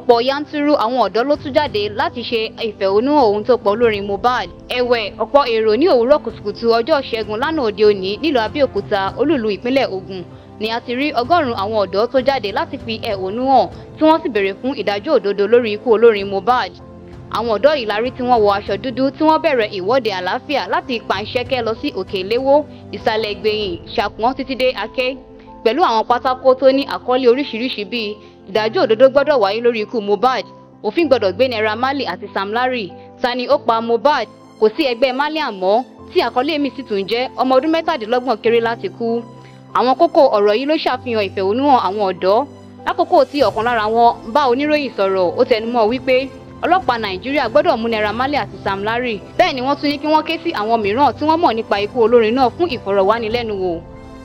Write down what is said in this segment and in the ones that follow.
Ọ̀pọ̀ yanturu àwọn ọ̀dọ́ ló tú jáde láti ṣe ìfẹ̀hónúhàn ohun tó pọ̀ lórin Mohbad. Ẹ̀wẹ̀ ọ̀pọ̀ èrò ní òwúrọ̀ kùtùkùtù ọjọ́ Ṣẹ́gun lánàá òde òní nílùú Abẹ́òkúta olúìlú ìpínlẹ̀ Ògùn ni a ti rí ọgọ́rùn-ún àwọn ọ̀dọ́ tó jáde láti fi ẹ̀hónú hàn tí wọ́n sì béèrè fún ìdájọ́ òdodo lórí ikú olórin Mohbad. Àwọn ọ̀dọ́ yìí la tí wọ́n wọ aṣọ dúdú tí wọ́n bẹ̀rẹ̀ ìwọ́de àlàáfíà láti Pàǹṣẹ́kẹ́ lọ sí Òkè Ìsàlẹ̀ Ìgbèyìn, Ṣàpọ́n títí dé Aké pẹ̀lú àwọn pátákó tó ní àkọlé oríṣiríṣi bíi ìdájọ́ òdodo gbọ́dọ̀ wáyé lórí ikú Mohbad òfin gbọ́dọ̀ gbé Naira Marley àti Sam Larry ta ni ó pa Mohbad kò sí ẹgbẹ́ Marley àmọ́ tí àkọlé mi sì tún jẹ́ ọmọ ọdún mẹ́tàdínlọ́gbọ̀n kéré láti kú àwọn kókó ọ̀rọ̀ yìí ló ṣàfihàn ìfẹ̀hónúhàn àwọn ọ̀dọ́ lákòókò tí ọ̀kan lára wọn bá oníròyìn sọ̀rọ̀ ó tẹnumọ́ wípé ọlọ́pàá nàìjíríà gbọ́dọ̀ mú Naira Marley àti Sam Larry bẹ́ẹ̀ ni wọ́n tún ní kí wọ́n ké sí àwọn mìíràn tí wọ́n mọ̀ nípa ikú olórin náà fún ìfọ̀rọ̀wánilẹ́nuwò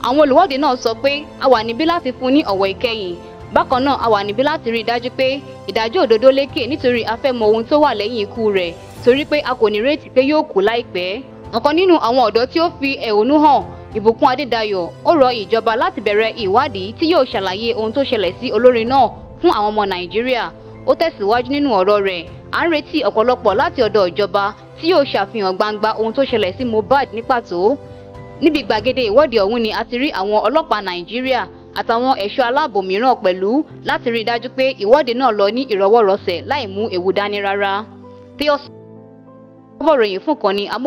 àwọn olùwọ́de náà sọ pé a wà níbí láti fún ní ọ̀wọ̀ ìkẹyìn bákan náà a wà níbí láti rí i dájú pé ìdájọ́ òdodo lékè nítorí a fẹ́ mọ ohun tó wà lẹ́yìn ikú rẹ̀ torí pé a kò ní retí pé yóò kú láìpẹ́ ọ̀kan nínú àwọn ọ̀dọ́ tí ó fi ẹ̀hónú hàn ìbùkún adédayọ̀ ó rọ ìjọba láti bẹ̀rẹ̀ ìwádìí tí yóò ṣàlàyé ohun tó ṣẹlẹ̀ sí olórin náà fún àwọn ọmọ nàìjíríà ó tẹ̀síwájú nínú ọ̀rọ̀ rẹ̀ à ń retí ọ̀pọ̀lọpọ̀ láti ọ̀dọ̀ ìjọba tí yóò ṣàfihàn gbangba ohun tó ṣẹlẹ̀ sí mohbad ní pàtó níbi gbàgede ìwọ́de ọ̀hún ni a ti rí àwọn ọlọ́pàá nàìjíríà àtàwọn ẹ̀ṣọ́ aláàbò mìíràn pẹ̀lú láti rí i dájú pé ìwọ́de náà lọ ní ìrọwọ́rọsẹ̀ láì mú ewu dání rárá. Theophilus ọ̀bọ̀ròyìn fún kan ní amó.